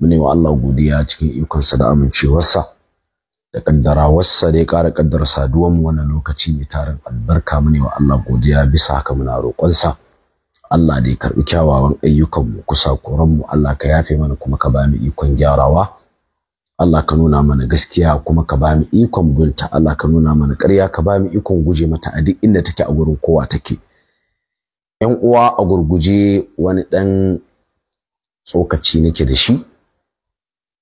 mune wa Allah godiya cikin ikonsa da amincewarsa da ƙaddarawarsa da ya ƙara kaddara saduwan mu wannan lokaci mai tarin albarka mune wa Allah godiya bisa haka muna roƙonsa Allah da ya karɓi kyawawan ayyukan mu kusa koran mu Allah ka yafe mana kuma ka ba mu ikon gyarawa Allah ka nuna mana gaskiya kuma ka ba mu ikon binta Allah ka nuna mana ƙarya ka ba mu ikon guje mata a duk inda take a gurin kowa take Ƴan uwa a gurguje wani ɗan tsokaci nake da shi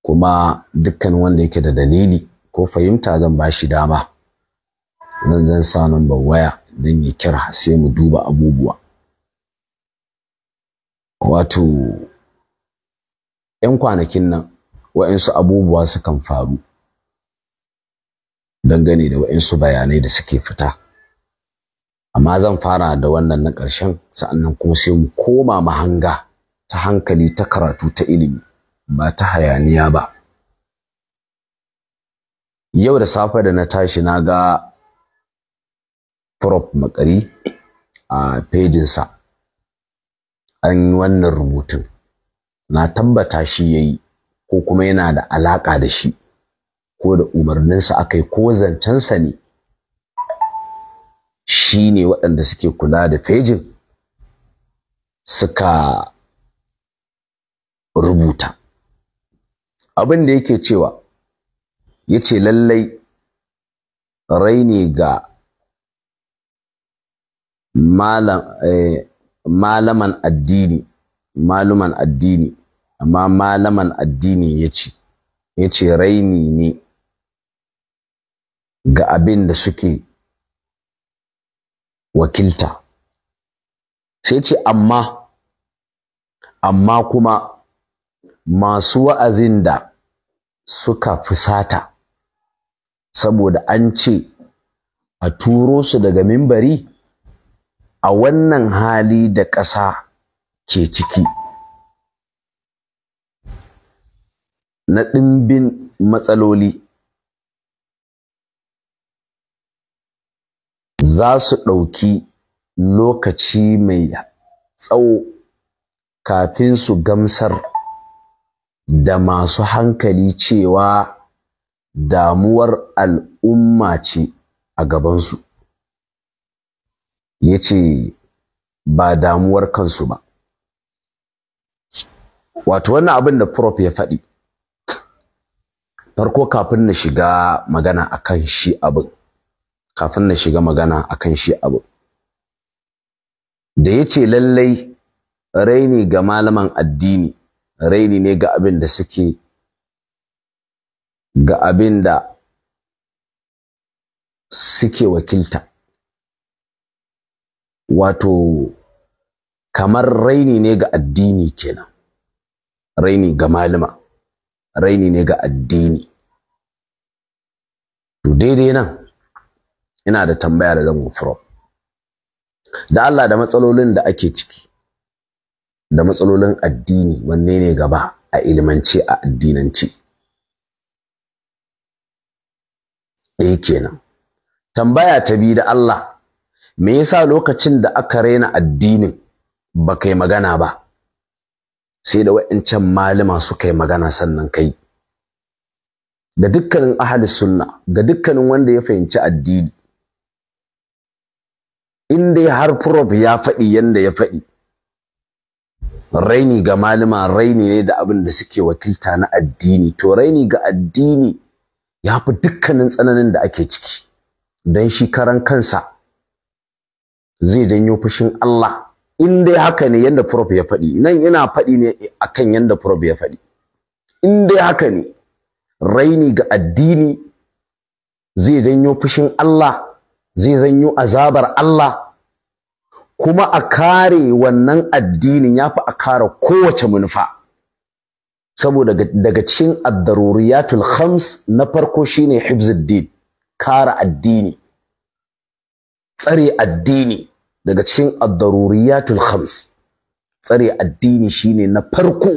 kuma dukkan wanda yake da dalili ko fahimta zan ba shi dama nan zan sa number waya don ya kira sai mu duba abubuwa wato ‘yan kwanakin nan wa'insu abubuwa sukan faru dangane da wa'insu bayanai da suke fita amma zan fara da wannan na ƙarshen sa'annan kuma sai mu koma mahanga ta hankali ta karatu ta ilimi ba ta hayaniya ba yau da safe da na tashi na ga prop makari a fejinsa an yi wannan rubutun na tambata shi ya yi ko kuma yana da alaƙa da shi ko da umarninsa aka yi ko zancensa ne shi ne waɗanda suke kula da fejin suka rubuta abin da yake cewa ya ce lallai raini ga eh, malaman addini maluman addini amma malaman addini ya ce ya ce raini ne ga abin da suke wakilta sai ce amma amma kuma masu wa'azin da suka fusata saboda an ce a turo su daga mimbari a wannan hali da ƙasa ke ciki na ɗimbin matsaloli za su ɗauki lokaci mai tsawo kafin su gamsar da masu hankali cewa damuwar al'umma ce a gabansu ya ce ba damuwar kansu ba wato wannan abin da prof ya faɗi farko kafin na shiga magana kan shi abin kafin na shiga magana akan shi abin da ya ce lallai raini ga malaman addini raini ne ga abin da suke ga abin da suke wakilta wato kamar raini ne ga addini kenan raini ga malama raini ne ga addini to daidai nan ina da tambaya da zan from da Allah da matsalolin da ake ciki da matsalolin addini wanne ne gaba a ilimance a addinanci ɗaya eh kenan tambaya ta bi da Allah me yasa lokacin da aka raina addinin ba kai magana ba sai da wa'incan malama suka yi magana sannan kai ga dukkanin ahli sunna ga dukkanin wanda ya fahimci addini inda dai har prof ya faɗi yanda ya faɗi raini ga malama raini ne da abin da suke wakilta na addini to raini ga addini ya fi dukkanin tsananin da ake ciki don shi karan kansa zai janyo fushin Allah in dai haka ne yanda prof ya faɗi nan ina faɗi ne akan yanda prof ya faɗi in dai haka ne raini ga addini zai janyo fushin Allah zai zanyo azabar Allah kuma a kare wannan addinin ya fi a kare kowace manufa saboda daga cikin addaruriyatul khams na farko shine hibzuddin kare addini tsare addini daga cikin addaruriyatul khams tsare addini shine na farko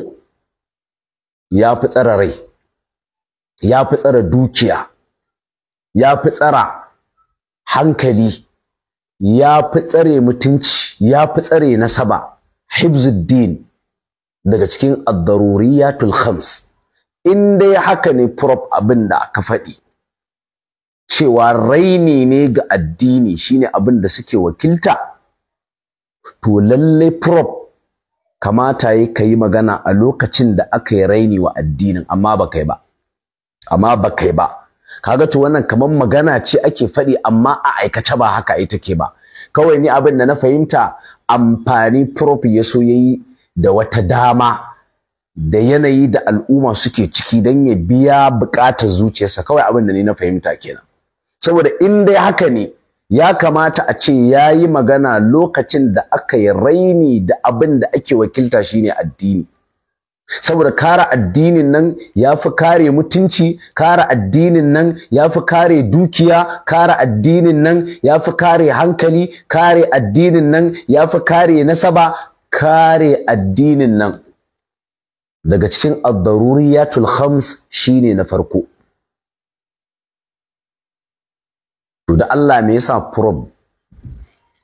ya fi tsare rai ya fi tsare dukiya ya fi tsara hankali ya fi tsare mutunci ya fi tsare nasaba hibzuddin daga cikin ad-daruriyatul khams in dai haka ne prop abin da aka faɗi cewa raini ne ga addini shine abin da suke wakilta to lalle prop kamata yi ka yi magana a lokacin da aka yi raini wa addinin amma ba kai ba amma ba kai ba kaga to wannan kamar magana ce ake faɗi amma a aikace ba haka ita ke ba kawai ni abin da na fahimta amfani prof ya so yayi da wata dama da yanayi da al'umma suke ciki don ya biya buƙatar zuciyarsa kawai abin da ni na fahimta kenan saboda in dai haka ne ya kamata a ce ya yi magana lokacin da aka yi raini da abin da ake wakilta shine addini saboda kare addinin nan ya fi kare mutunci kare addinin nan ya fi kare dukiya kare addinin nan ya fi kare hankali kare addinin nan ya fi kare nasaba kare addinin nan daga cikin addaruriyatul khams shine na farko to da Allah me yasa prob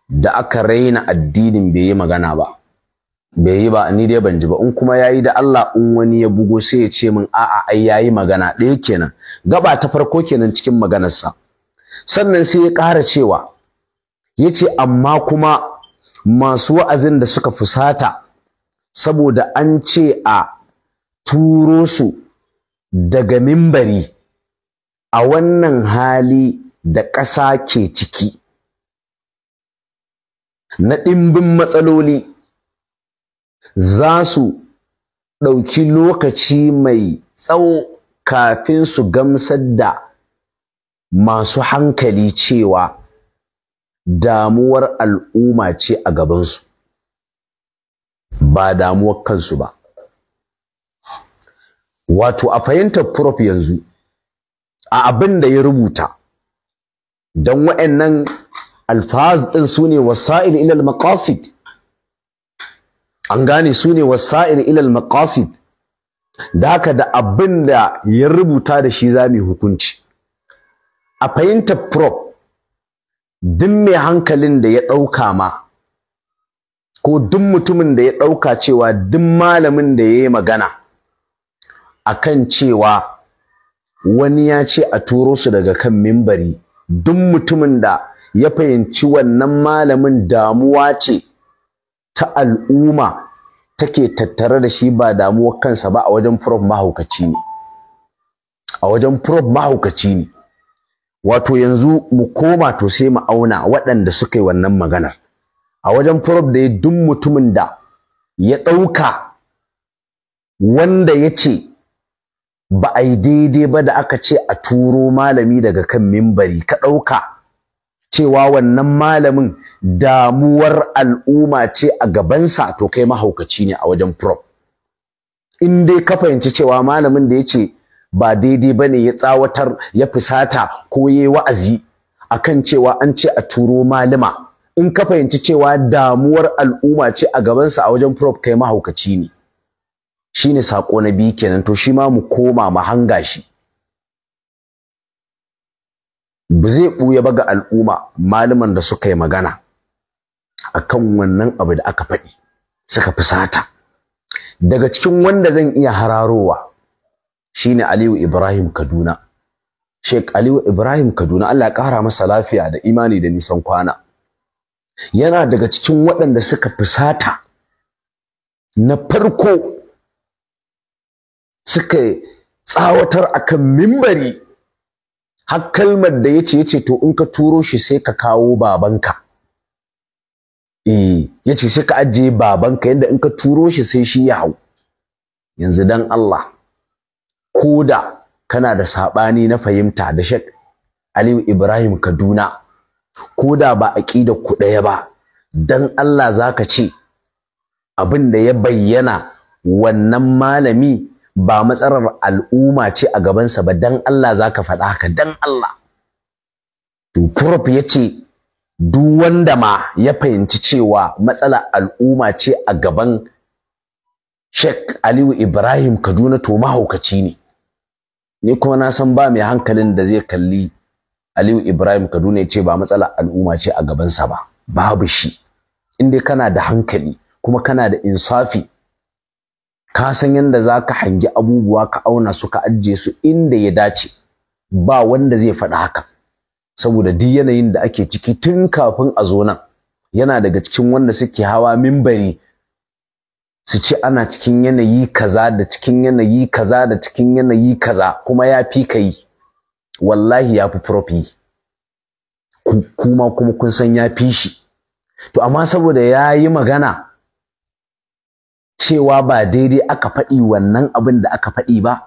da aka raina addinin bai yi magana ba bai yi ba ni dai ban ji ba in kuma yayi da Allah in wani ya bugo sai ya ce min a'a ai yayi magana ɗaya kenan gaba ta farko kenan cikin maganarsa sannan sai ya ƙara cewa yace amma kuma masu wa'azin da suka fusata saboda an ce a turo su daga mimbari a wannan hali da ƙasa ke ciki na ɗimbin matsaloli za su ɗauki lokaci mai tsawo kafin su gamsar da masu hankali cewa damuwar al'umma ce a gabansu ba damuwar kansu ba wato a fahimtar prof yanzu a abin da ya rubuta don wa'annan alfaz ɗin su ne wasa'il ilal makasit? an gane su ne wasa'ir ilal maqasid da haka da abin da ya rubuta da shi za mu hukunci a fahimta prop duk mai hankalin da ya ɗauka ma ko duk mutumin da ya ɗauka cewa duk malamin da ya yi magana akan cewa wani ya ce a turo su daga kan mimbari duk mutumin da ya fahimci wannan malamin damuwa ce ta al'umma take tattare da shi ba damuwar kansa ba a wajen prof mahaukaci ne a wajen prof mahaukaci ne wato yanzu mu koma to sai mu auna waɗanda suka yi wannan maganar a wajen prof da ya duk mutumin da ya ɗauka wanda ya ce ba a yi daidai ba da aka ce a turo malami daga kan mimbari ka ɗauka cewa wannan malamin damuwar al'umma ce a gabansa to kai mahaukaci ne a wajen prop in dai ka fahimci cewa malamin da ya ce ba daidai ba ne ya tsawatar ya fusata ko ya yi wa'azi akan cewa an ce a turo malama in ka fahimci cewa damuwar al'umma ce a gabansa a wajen prop kai mahaukaci ne shine sako na biyu kenan to shi ma mu koma mu hanga shi ba zai ɓuya ba ga al'umma malaman da suka yi magana a kan wannan abu da aka faɗi suka fusata daga cikin wanda zan iya hararowa shine Aliyu Ibrahim Kaduna shek Aliyu Ibrahim Kaduna Allah ya ƙara masa lafiya da imani da nisan kwana yana daga cikin waɗanda suka fusata na farko suka tsawatar akan mimbari har kalmar da yace yace to in ka turo shi sai ka kawo babanka eh yace sai ka ajiye babanka yanda in ka turo shi sai shi ya hau yanzu dan Allah koda kana da sabani na fahimta da Sheikh Aliyu Ibrahim Kaduna koda ba aqida ku daya ba dan Allah zaka ce abin da ya bayyana wannan malami ba matsalar al'umma ce a gabansa ba dan Allah za ka faɗa haka dan Allah to prof ya ce duk wanda ma ya fahimci cewa matsalar al'umma ce a gaban Sheikh Aliyu Ibrahim Kaduna to mahaukaci ne ni kuma na san ba mai hankalin da zai kalli Aliyu Ibrahim Kaduna ya ce ba matsalar al'umma ce a gabansa ba babu shi in dai kana da hankali kuma kana da insafi ka san yadda za ka hangi abubuwa ka auna su ka ajiye su inda ya dace ba wanda zai faɗi haka saboda duk yanayin da ake ciki tun kafin a zo nan yana daga cikin wanda suke hawa mimbari su ce ana cikin yanayi kaza da cikin yanayi kaza da cikin yanayi kaza kuma ya fi ka yi wallahi ya fi prof kuma kuma kun san ya fi shi to amma saboda ya yi magana cewa ba daidai aka faɗi wannan abin da aka faɗi ba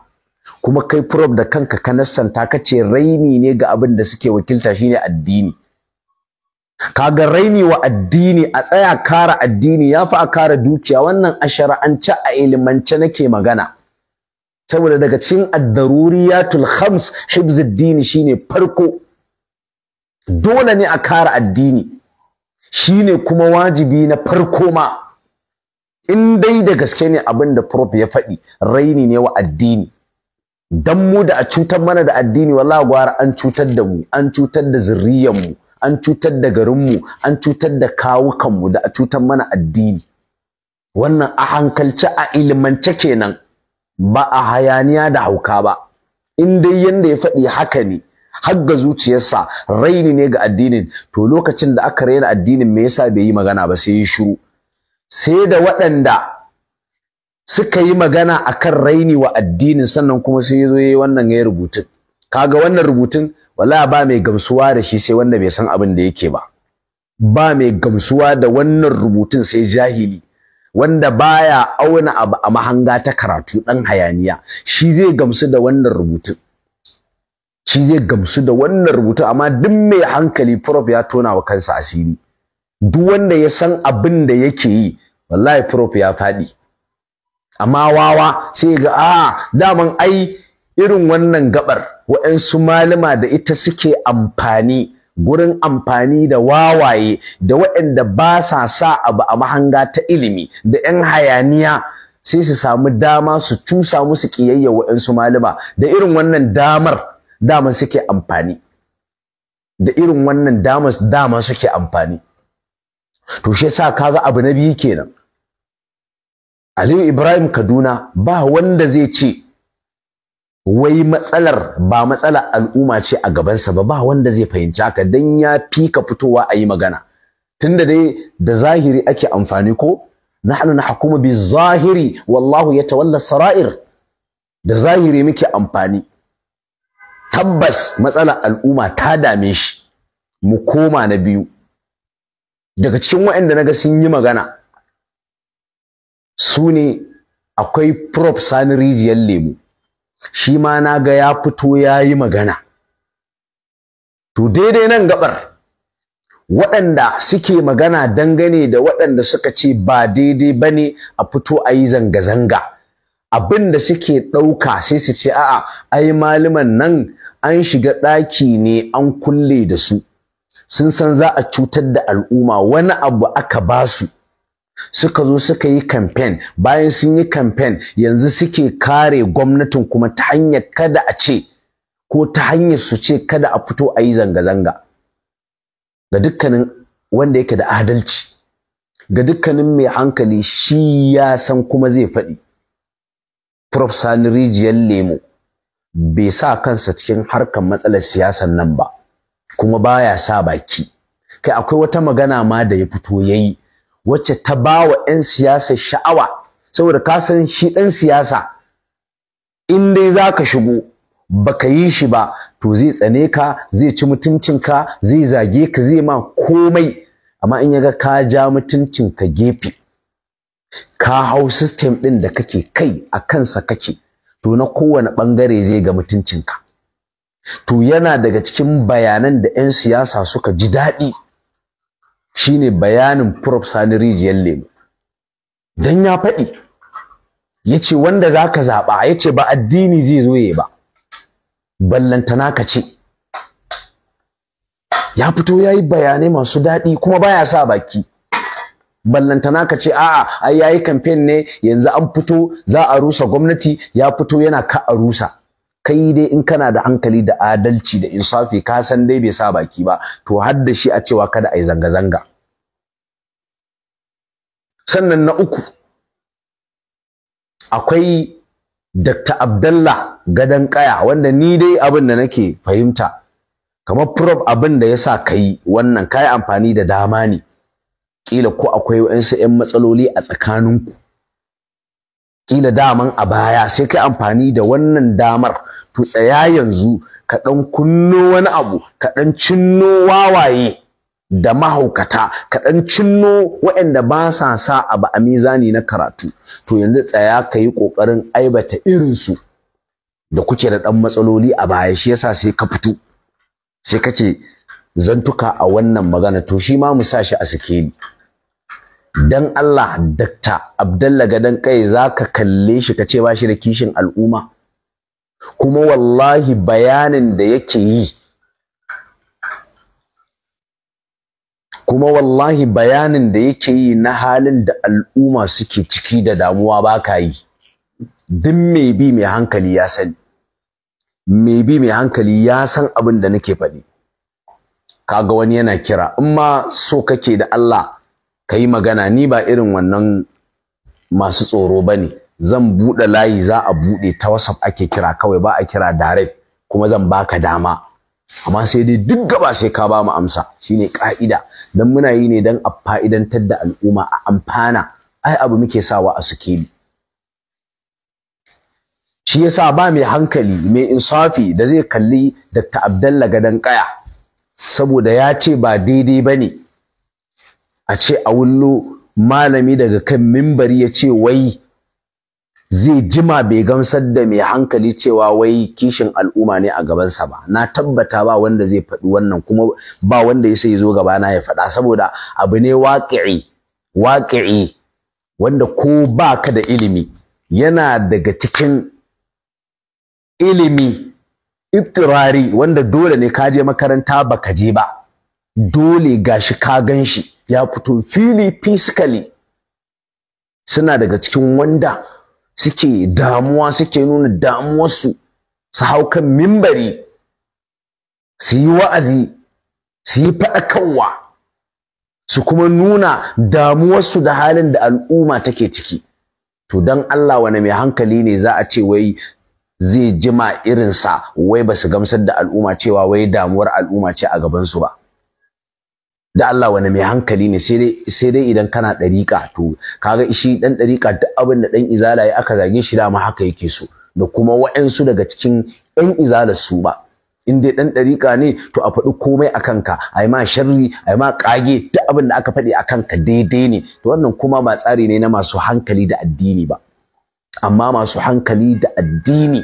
kuma kai prof da kanka ka nassanta ka ce raini ne ga abin da suke wakilta shine addini kaga raini wa addini a tsaya kara addini ya fi a kara dukiya wannan a shara'ance a ilimance nake magana saboda daga cikin addaruriyatul khams hibzuddini shine farko dole ne a kara addini shine kuma wajibi na farko ma in dai da gaske ne abin da prof ya faɗi raini ne wa addini dan mu da a cutar mana da addini wallahi gwara an cutar da mu an cutar da zuriyar mu an cutar da garin mu an cutar da kawukan mu da a cutar mana addini wannan a hankalce a ilimance kenan ba a hayaniya da hauka ba in dai yanda ya faɗi haka ne har ga zuciyarsa raini ne ga addinin to lokacin da aka raina addinin me yasa bai yi magana ba sai ya shiru sai da waɗanda suka yi magana a kan raini wa addinin sannan kuma sai zo yi wannan ya rubutun kaga wannan rubutun wala ba mai gamsuwa da shi sai wanda bai san abin da yake ba ba mai gamsuwa da wannan rubutun sai jahili wanda baya auna abu a mahanga ta karatu ɗan hayaniya shi zai gamsu da wannan rubutun shi zai gamsu da wannan rubutun amma duk mai hankali prof ya tona wa kansa asiri duk wanda ya san abin da yake yi wallahi prof ya faɗi amma wawa sai ga a ah, daman ai irin wannan gabar wayansu malama da ita suke amfani gurin amfani da wawaye da wayanda ba sa sa abu a mahanga ta ilimi da 'yan hayaniya sai su samu dama su cusa musu ƙiyayya waɗansu malama da irin wannan damar dama suke amfani da irin wannan damar dama suke amfani to shi yasa kaga abu na biyu kenan Aliyu Ibrahim Kaduna ba wanda zai ce wai matsalar ba matsalar al'umma ce a gabansa ba ba wanda zai fahimci haka dan ya fika fitowa ayi magana tunda dai da zahiri ake amfani ko nahnu nahkumu bi zahiri wallahu yatawalla sarair da zahiri muke amfani tabbas matsalar al'umma ta dame shi mu koma na biyu daga cikin waɗanda ga sun yi magana su ne akwai prof sani rijiyar lemu shi ma na ga ya fito ya yi magana to daidai nan gabar waɗanda suke magana dangane da waɗanda suka ce ba daidai ba ne a fito a yi zanga-zanga abin da suke ɗauka sai su ce a'a ai maliman nan an shiga ɗaki ne an kulle da su sun san za a cutar da al'umma wani abu aka ba su suka zo suka yi kamfen bayan sun yi kamfen yanzu suke kare gwamnatin kuma ta hanyar kada a ce ko ta hanyar su ce kada a fito a yi zanga-zanga ga dukkanin wanda yake da adalci ga dukkanin mai hankali shi ya san kuma zai faɗi prof sani rijiyar lemo bai sa kansa cikin harkar matsalar siyasar nan ba kuma baya sa baki kai akwai wata magana ma da ya fito yayi wacce ta ba wa 'yan siyasa sha'awa saboda ka san shi ɗan siyasa in dai za ka shigo baka yi shi ba to zai tsane ka zai ci mutuncin ka, zai zage ka zai ma komai amma in yaga ka ja mutuncin ka gefe ka hau system ɗin da kake kai a kansa kake to na kowane ɓangare zai ga mutuncin ka. to yana daga cikin bayanan da 'yan siyasa suka ji daɗi shine bayanin prof sani rijiyar lemu don ya faɗi ya ce wanda za ka zaɓa ya ce ba addini zai zo ya ba ballantana ka ce ya fito ya yi bayanai masu daɗi kuma baya sa baki ballantana ka ce a'a ai yayi kamfen ne yanzu an fito za a rusa gwamnati ya fito yana ka a rusa kai dai in kana da hankali da adalci da insafi ka san dai bai sa baki ba to har da shi a cewa kada ayi zanga-zanga sannan na uku akwai Dr. abdullah Gadan Kaya wanda ni dai abin da nake fahimta kamar prof abin da yasa sa wannan ka amfani da dama ne kila ko akwai waɗansu 'yan matsaloli a tsakaninku kila daman a baya sai kai amfani da wannan damar to tsaya yanzu ka dan kunno wani abu ka dan cinno wawaye da mahaukata ka dan cinno waɗanda ba sa sa abu a mizani na karatu to yanzu tsaya ka yi ƙoƙarin aibata irin su. da kuke da ɗan matsaloli a baya shi yasa sai ka fito sai kake zantuka a wannan magana to shi ma mu sa shi a sikeli dan Allah dakta Abdalla gadan kai zaka kalle shi ka ce ba shi da kishin al'umma kuma wallahi bayanin da yake yi kuma wallahi bayanin da yake yi na halin da al'umma suke ciki da damuwa ba ka yi duk mai bi mai hankali ya sani mai bi mai hankali ya san abin da nake faɗi kaga wani yana kira in ma so kake da Allah ka yi magana ni ba irin wannan masu tsoro ba ne zan buɗe layi za a buɗe ta whatsapp ake kira kawai ba a kira direct kuma zan baka dama amma sai dai duk gaba sai ka ba mu amsa shine ka'ida dan muna yi ne dan a fa'idantar da al'umma a amfana ai abu muke sawa a ni. shi yasa ba mai hankali mai insafi da zai kalli Dr. Abdalla gadon Kaya saboda ya ce ba daidai bane a ce a wullo malami daga kan mimbar ya ce wai zai jima bai gamsar da mai hankali cewa wai kishin al'umma ne a gabansa ba na tabbata ba wanda zai faɗi wannan kuma ba wanda ya sai zo gaba na ya faɗa saboda abu ne waƙi'i waƙi'i wanda ko ba ka da ilimi yana daga cikin ilimi iturari, wanda dole ne ka je makaranta baka je ba dole gashi ka gan shi ya fito fili physically suna daga cikin wanda suke damuwa suke nuna damuwarsu su hau kan mimbari su yi wa'azi su yi faɗakarwa su kuma nuna damuwarsu da halin da al'umma take ciki to don Allah wani mai hankali ne za a ce wai zai jima irinsa wai ba su gamsar da al'umma cewa wai damuwar al'umma ce a gabansu ba da Allah wani mai hankali ne sai dai idan kana ɗariƙa to kaga shi ɗan ɗariƙa duk abin da ɗan izala ya aka zage shi dama haka yake so da kuma wa'ansu daga cikin ɗan izala su ba in dai ɗan ɗariƙa ne to a faɗi komai a kanka a yi ma sharri a yi ma ƙage duk abin da aka faɗi a kanka daidai ne to wannan kuma ba tsari ne na masu hankali da addini ba amma masu hankali da addini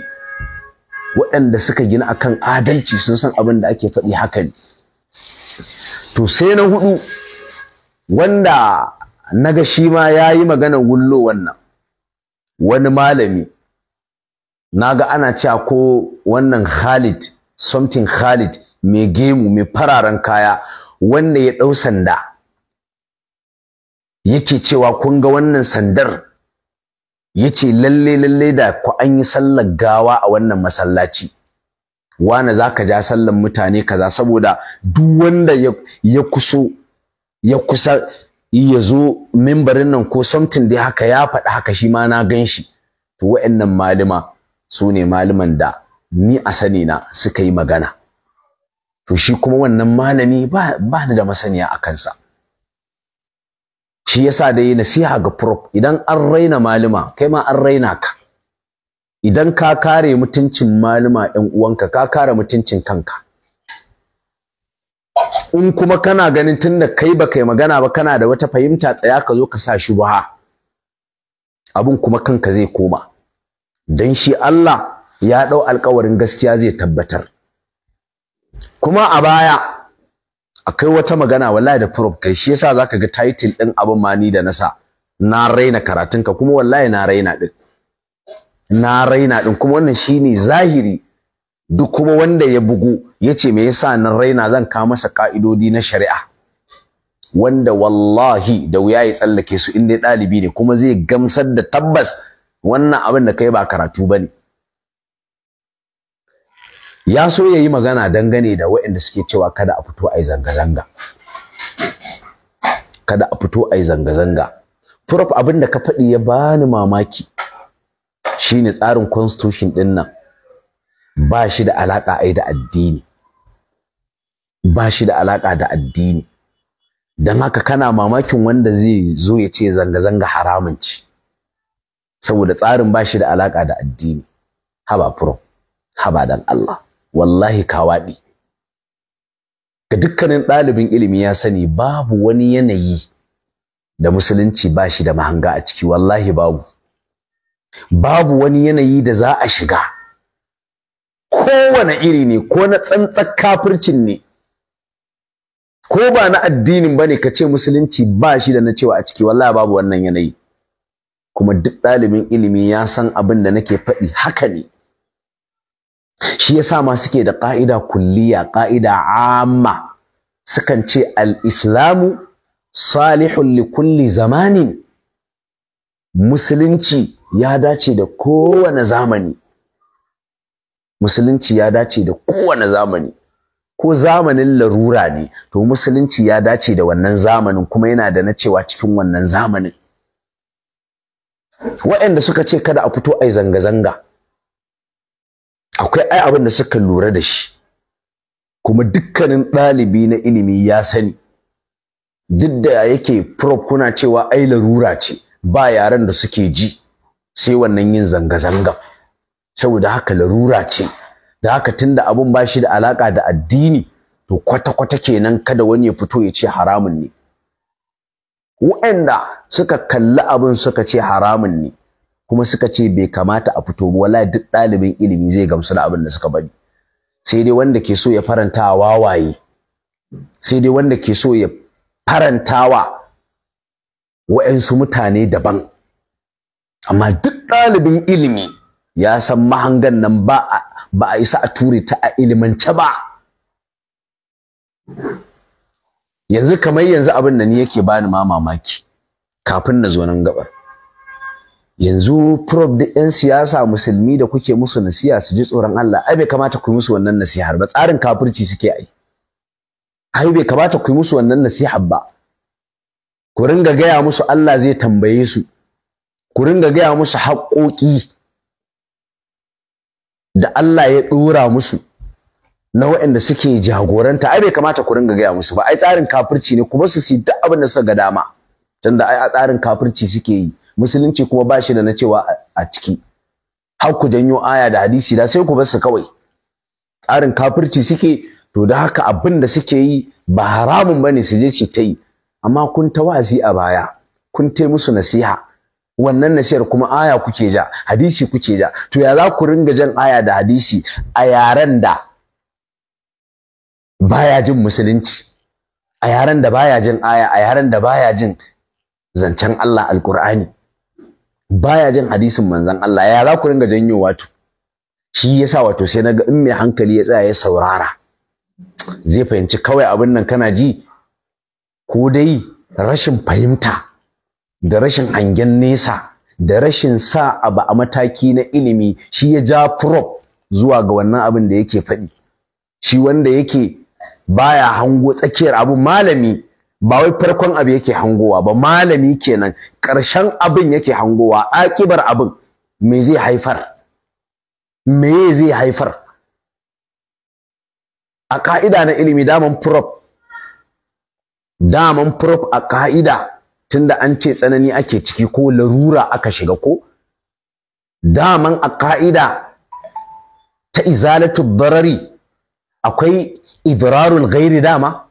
waɗanda suka gina akan adalci sun san abin da ake faɗi haka ne to sai na hudu wanda naga shi ma yayi maganar wullo wannan wani malami Na ga ana cewa ko wannan Khalid something Khalid mai gemu mai fararen kaya wanda ya ɗau sanda yake cewa kun ga wannan sandar yace lalle lalle da ku an yi sallar gawa a wannan masallaci wane ka ja sallan mutane kaza saboda duk wanda ya kuso ya kusa ya zo membarin nan ko something dai haka ya faɗi haka shi ma na gan shi to wa'annan malima su ne maliman da ni a sani na suka yi magana to shi kuma wannan malami ba da masaniya a kansa shi yasa dai nasiha ga prop idan an raina malima kai ma an raina ka idan ka kare mutuncin malama ɗan uwanka ka kare mutuncin kanka in kuma kana ganin tunda kai baka yi magana ba kana da wata fahimta tsaya ka zo ka sa shi buha abin kuma kanka zai koma dan shi Allah ya ɗau alƙawarin gaskiya zai tabbatar kuma a baya akwai wata magana wallahi da prof kai shi yasa zaka ga title ɗin abin ma ni da nasa na raina karatunka kuma wallahi na raina ɗin na raina din kuma wannan shine zahiri duk kuma wanda ya bugu yace me yasa nan raina zan ka masa ka'idodi na shari'a wanda wallahi da wuya ya tsallake su in dai ɗalibi ne kuma zai gamsar da tabbas wannan abin da kai ba karatu bane ya so ya yi magana dangane da waɗanda suke cewa kada a fito a zanga-zanga kada a fito a zanga-zanga prof abin da ka faɗi ya bani mamaki shine tsarin constitution din nan ba shi da alaka ai da addini ba shi da alaka da addini don haka kana mamakin wanda zai zo ya ce zanga-zanga haramun ci saboda tsarin ba shi da alaka da addini haba pro haba dan Allah wallahi kawaɗi ga dukkanin ɗalibin ilimi ya sani babu wani yanayi da musulunci ba shi da mahanga a ciki wallahi babu babu wani yanayi da za a shiga kowane iri ne ko na tsantsar kafircin ne ko ba na addinin ba ne ka ce musulunci ba shi da na cewa a ciki wallahi babu wannan yanayi kuma duk ɗalibin ilimi ya san abin da nake faɗi haka ne shi ya sa ma suke da ƙa'ida kulliya ƙa'ida amma sukan ce Al'islamu, islamu salihun li kulli zamanin musulunci ya dace da kowane zamani musulunci ya dace da kowane zamani ko zamanin larura ne to musulunci ya dace da wannan zamanin kuma yana da na cewa cikin wannan zamanin waɗanda suka ce kada a fito ai zanga-zanga akwai ai abin da suka lura da shi kuma dukkanin ɗalibi na ilimi ya sani duk da yake prof kuna cewa ai larura ce ba yaren da suke ji sai wannan yin zanga-zanga saboda haka larura ce da haka tunda abun ba shi da alaka da addini to kwata-kwata kenan kada wani ya fito ya ce haramun ne waɗanda suka kalli abin suka ce haramun ne kuma suka ce bai kamata a fito ba wala duk ɗalibin ilimi zai gamsu da abin da suka bari sai dai wanda ke so ya faranta wawaye sai dai wanda ke so ya farantawa wa'yansu mutane daban amma duk ɗalibin ilimi ya san mahangan nan ba a ba a isa a ture ta a ilimance ba yanzu kamar yanzu abin da ni yake bani ma mamaki kafin na zo nan gabar yanzu prof da yan siyasa musulmi da kuke musu nasiha su ji tsoron Allah ai bai kamata ku musu wannan nasiha. ba tsarin kafirci suke ai ai bai kamata ku yi musu wannan nasiha. ba ku ringa gaya musu Allah zai tambaye su ku ringa gaya musu haƙoƙi da Allah ya ɗora musu na waɗanda suke jagoranta ai bai kamata ku ringa gaya musu ba ai tsarin kafirci ne kuma su si duk abin da suka ga dama tunda ai a tsarin kafirci suke yi musulunci kuma ba shi da na cewa a ciki har ku janyo aya da hadisi da sai ku bar su kawai tsarin kafirci suke to da haka abin da suke yi ba haramun bane su je su ta yi amma kun ta wazi a baya kun ta musu nasiha wannan nasiyar kuma aya kuke ja hadisi kuke ja to ya za ku ringa jan aya da hadisi a yaren da baya jin musulunci a yaren da baya jin aya a yaren da baya jin zancen Allah alkur'ani baya jin hadisin manzon Allah ya za ku ringa janyo wato shi yasa wato sai naga in mai hankali ya tsaya ya saurara zai fahimci kawai abin nan kana ji ko dai rashin fahimta da rashin hangen nesa da rashin sa abu a mataki na ilimi shi ya ja prop zuwa ga wannan abin da yake faɗi shi wanda yake baya hango tsakiyar abu malami ba wai farkon abu yake hangowa ba malami kenan ƙarshen abin yake hangowa akibar abin me zai haifar me zai haifar a ka'ida na ilimi daman prop daman prop a ka'ida tunda an ce tsanani ake ciki ko larura aka shiga ko daman a ka'ida ta izalatu barari akwai idrarul ghairi dama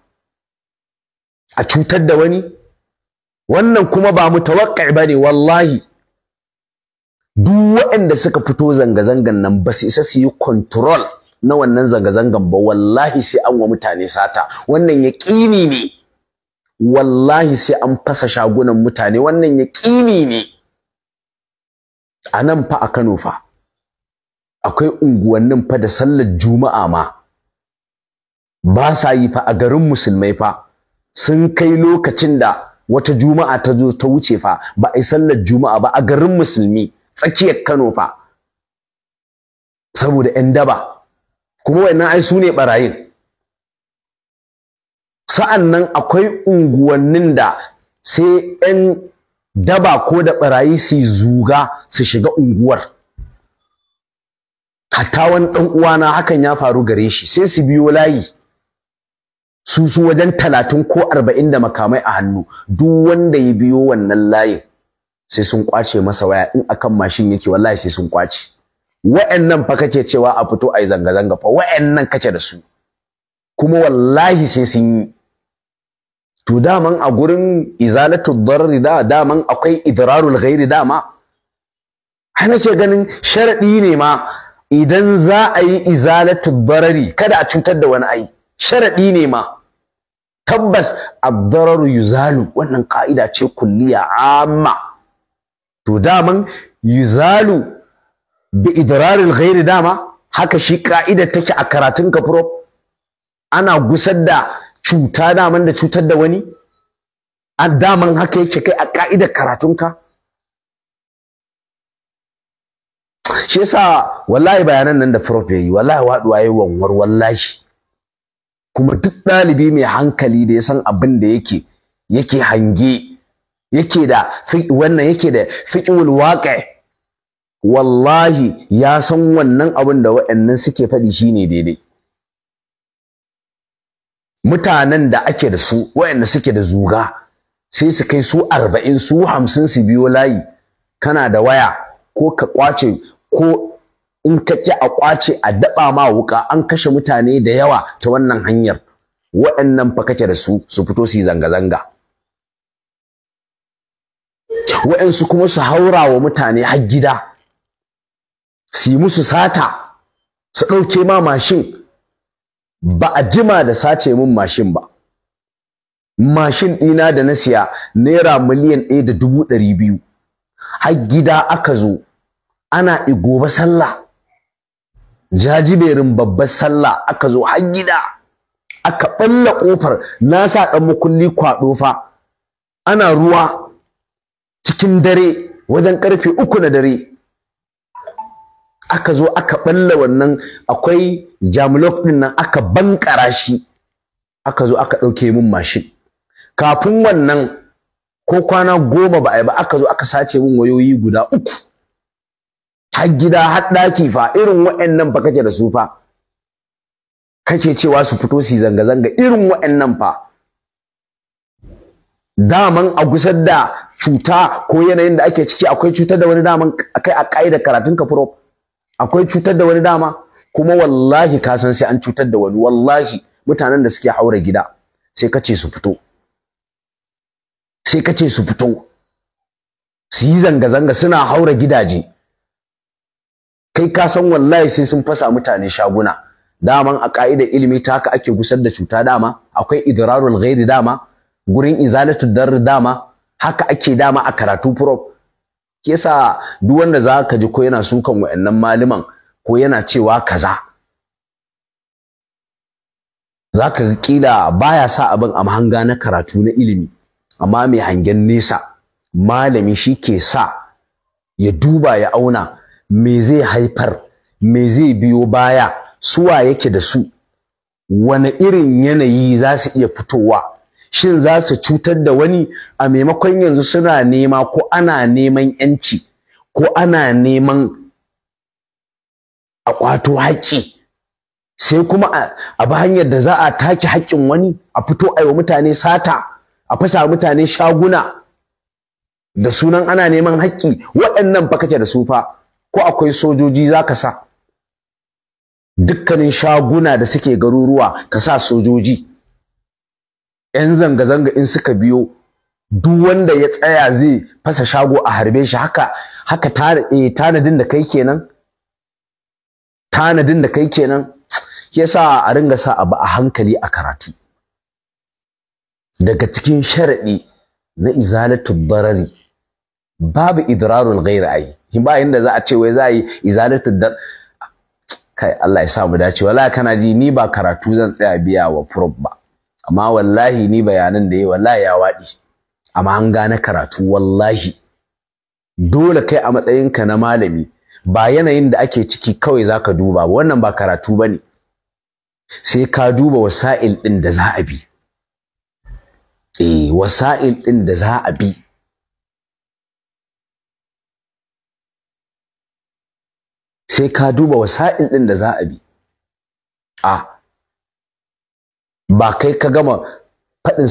a cutar da wani wannan kuma ba ba ne, wallahi duk waɗanda suka fito zanga-zangan nan ba su isa su yi control na wannan zanga-zangan ba wallahi sai an wa mutane sata wannan yaƙini ne wallahi sai an fasa shagunan mutane wannan yaƙini ne a nan fa a Kano fa akwai unguwannin fa da sallar juma'a ma ba sa yi fa a garin musulmai fa sun kai lokacin da wata juma'a ta zo ta wuce fa ba a yi sallar juma'a ba a garin musulmi tsakiyar Kano fa saboda 'yan daba kuma wannan ai su ne barayin sa'an nan akwai unguwannin da sai 'yan daba ko da barayi su zuga su shiga unguwar hatta wani ɗan uwana hakan ya faru gare shi sai su biyo layi su su wajen talatin ko arba'in da makamai a hannu duk wanda ya biyo wannan layin sai sun kwace masa waya in akan mashin yake wallahi sai sun kwace wa'annan fa kake cewa a fito a yi zanga-zanga fa wa'annan kake da su kuma wallahi sai sun yi to daman a gurin izalatul darri da daman akwai idrarul ghairi dama ai nake ganin sharadi ne ma idan za a yi izalatul darari kada a cutar da wani ai sharadi ne ma tabbas ad-dararu yuzalu wannan ka'ida ce kulliya amma to daman yuzalu bi idrarul ghairi dama haka shi ka'idar take a karatun ka prop ana gusar da cuta daman da cutar da wani a daman haka yake kai a ka'idar karatunka shi yasa wallahi bayanan nan da prof yayi wallahi waduwa yayi wanwar wallahi kuma duk dalibi mai hankali da ya san abin da yake yake hange yake da wannan yake da fiqhul waqi' wallahi ya san wannan abin da wa'annan suke faɗi shine daidai mutanen da ake da su wayanda suke da zuga sai su kai su arba'in su hamsin su biyo layi kana da waya ko ka kwace ko in ka ki a kwace a daɓa ma wuƙa an kashe mutane da yawa ta wannan hanyar waɗannan fa kake da su su fito su yi zanga-zanga waɗansu kuma su haura wa mutane har gida su yi musu sata su ɗauke ma mashin ba a jima da sace min mashin ba mashin ɗina da na siya naira miliyan ɗaya da dubu ɗari biyu har gida aka zo ana igoba sallah jajiberin babbar sallah aka zo har gida aka ɓalla ƙofar na sa ɗan makulli kwaɗo fa ana ruwa cikin dare wajen ƙarfe uku na dare aka zo aka balla wannan akwai jamlok din nan aka bankara shi aka zo aka ɗauke mun mashin kafin wannan ko kwana goma ba a yi ba aka zo aka sace min wayoyi guda uku har gida har ɗaki fa irin wa'annan ba kake da su fa kake cewa su fito su zanga-zanga irin wa'annan fa daman a gusar da cuta ko yanayin da ake ciki akwai cuta da wani daman kai a ƙa'idar karatun ka prof akwai cutar da wani dama kuma wallahi ka san sai an cutar da wani wallahi mutanen da suke haura gida sai ka su fito sai kace su fito su yi zanga-zanga suna haura gidaje kai ka san wallahi sai sun fasa mutane shaguna daman a ka'idar ilimi ta haka ake gusar da cuta dama akwai idrarul ghairi dama gurin izalatu darr dama haka ake dama a karatu prof Kesa, duk wanda za ka ji ko yana sukan wa'annan maliman ko yana cewa kaza za ka kila baya sa abin a mahanga na karatu na ilimi amma mai hangen nesa malami shi ke sa ya duba ya auna me zai haifar me zai biyo baya suwa yake da su wani irin yanayi za su iya fitowa shin za su cutar da wani a maimakon yanzu suna nema ko ana neman yanci ko ana neman a kwato haƙƙi sai kuma a bi hanyar da za a take haƙƙin wani a fito a yi wa mutane sata a fasa mutane shaguna da sunan ana neman haƙƙi waɗannan fa da su fa ko akwai sojoji za ka sa dukkanin shaguna da suke garuruwa ka sa sojoji 'yan zanga-zanga in suka biyo duk wanda ya tsaya zai fasa shago a harbe shi haka haka eh, tanadin da kai kenan tanadin da kai kenan yasa a ringa sa abu a hankali a karatu daga cikin sharaɗi na izalatul barari babu idrarul ghairi ai ba inda za a ce wai za yi izalatul dar kai Allah ya sa mu dace wala kana ji ni ba karatu zan tsaya biya wa prof ba amma wallahi ni bayanan da yi wallahi ya waɗi amma an gane karatu wallahi dole kai a matsayinka na malami ba yanayin da ake ciki kawai za ka duba wannan ba karatu ba ne sai ka duba wasa'il ɗin da za a bi eh, wasa'il ɗin da za a bi sai ka duba wasa'il ɗin da za a bi a ah, ba kai ka gama faɗin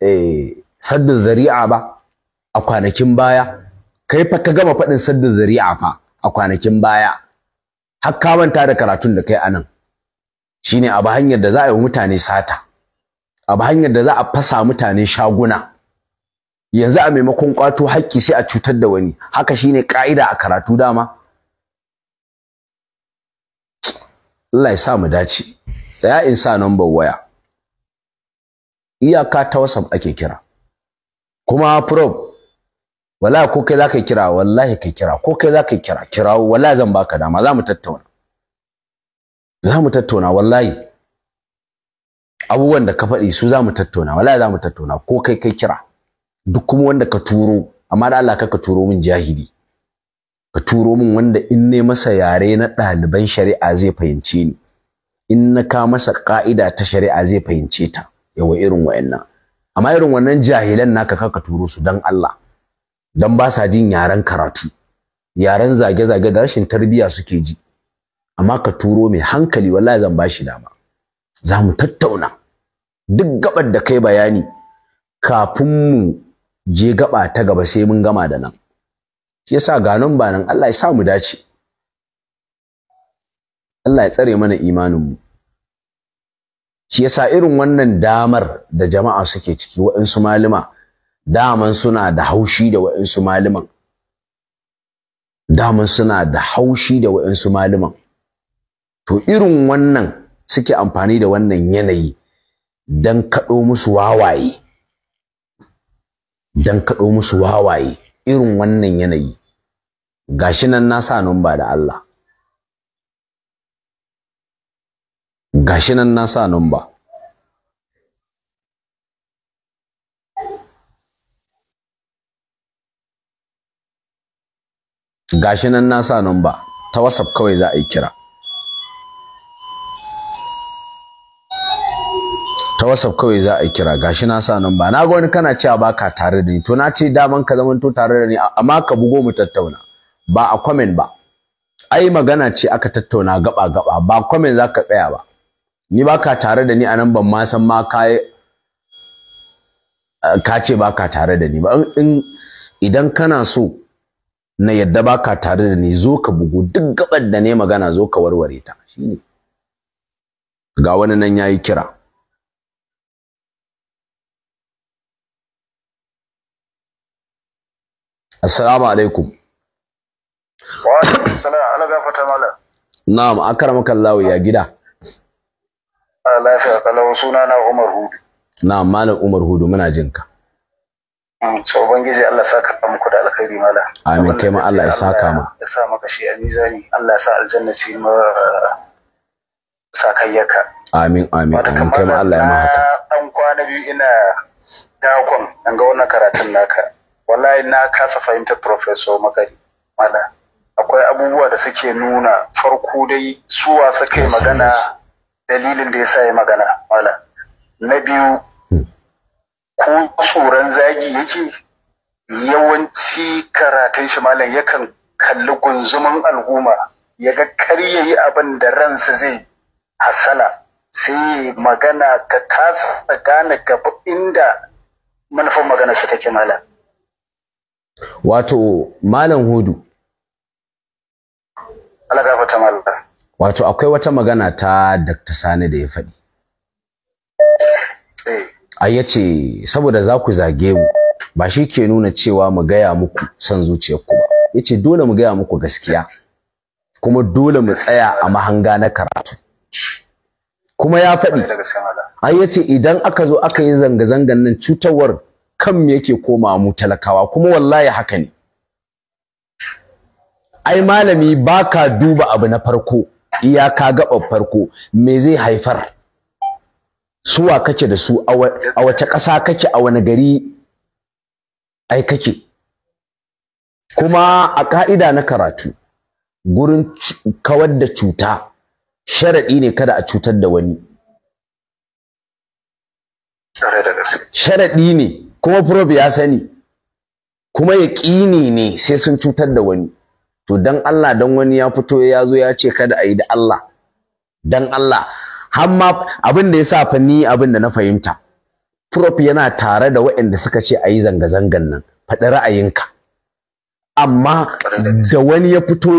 eh, saddin zari'a ba a kwanakin baya kai fa ka gama faɗin saddin zari'a fa a kwanakin baya har ka manta da karatun da kai anan shine abu hanyar da za a yi mutane sata abu hanyar da za a fasa mutane shaguna yanzu a maimakon kwato haƙƙi sai a cutar da wani haka shine ƙa'ida a karatu dama Allah ya sa mu dace tsaya in sa number waya iyaka ta whatsapp ake kira kuma prob wala ko kai zaka kira wallahi kai kira ko kai zaka kira kira Wala zan baka dama za mu tattauna za mu tattauna wallahi abubuwan da ka faɗi su za mu tattauna wallahi za mu tattauna ko kai kai kira duk kuma wanda ka turo amma da Allah ka turo min jahili ka turo min wanda in ne masa yare na ɗaliban shari'a zai fahimce ni in na ka masa ka'ida ta shari'a zai fahimce ta yawa irin wa'annan amma irin wannan jahilan naka kaka turo su dan Allah dan ba sa jin yaren karatu yaren zage-zage da rashin tarbiyya suke ji amma ka turo mai hankali wallahi zan bashi dama za mu tattauna duk gabar da kai bayani kafin mu je gaba ta gaba sai mun gama da nan shi yasa ga nan ba nan Allah ya sa mu dace Allah ya tsare mana imanin mu shi yasa irin wannan damar da jama'a suke ciki wa'insu malima daman suna da haushi da wa'insu maliman daman suna da haushi da wa'insu maliman to irin wannan suke amfani da wannan yanayi don kaɗo musu wawaye don kaɗo musu wawaye irin wannan yanayi gashi nan na sa numba da Allah gashi nan na sa numba gashi nan na sa numba ta whatsapp kawai za a yi kira ta whatsapp kawai za a yi kira gashi na sa numba na ga wani kana cewa baka tare da ni to na ce daman ka zama to tare da ni amma ka bugo mu tattauna ba a comment ba ai magana ce aka tattauna gaba gaba ba comment za ka tsaya ba ni ba ka tare da ni a nan ban ma san ma ka eh, ka ce ba ka tare da ni ba in idan kana so na yadda ba ka tare da ni zo ka bugu duk gabar da ne magana zo ka warware ta shine ga wani nan yayi kira Assalamu alaikum. Wa alaikum salam, ala gafata Na'am, akramaka Allah ya gida. A lafiya kalau suna na Umar Hudu. Na Malam Umar Hudu muna jin ka. Mm, so Ubangiji Allah saka muku da alkhairi mala. Amin kai ma Allah ya saka ma. Ya sa maka shi a mizani Allah ya sa aljanna ce ma sakayyaka. Amin amin amin kai ma Allah ya ma haka. Dan kwana biyu ina dakon an ga wannan karatun naka. Wallahi na kasa fahimtar Professor Makari mala. Akwai abubuwa da suke nuna farko dai suwa suka yi magana dalilin da ya sa ya magana na biyu hmm. ko tsoron zagi yake yawanci karatun shi malam yakan kalli gunzuman al'umma ya ga yi abin da ransa zai hasala sai ya magana ka kasa gane gaba inda manufan magana shi take malam wato malam hudu Allah malam wato akwai wata magana ta Dr. Sani da ya faɗi ai ya ce saboda za ku zage mu ba shi ke nuna cewa mu gaya muku son ku ba ya ce dole mu gaya muku gaskiya kuma dole mu tsaya a mahanga na karatu kuma ya faɗi ai ya ce idan aka zo aka yi zanga-zangan nan cutarwar kan me yake koma mu talakawa kuma wallahi haka ne ai malami baka duba abu na farko Iya ka gaɓar farko me zai haifar suwa kake da su a wace ƙasa kake a wani gari ai kake kuma a ƙa'ida na karatu gurin kawar da cuta sharaɗi ne kada a cutar da wani sharaɗi ne kuma prof ya sani kuma yaƙini ne sai sun cutar da wani to dan Allah dan wani ya fito ya zo ya ce kada a yi da Allah dan Allah har ma abin da ya sa fa ni abin da na fahimta prof yana tare da waɗanda suka ce a yi zanga-zangan nan faɗi ra'ayinka amma da wani ya fito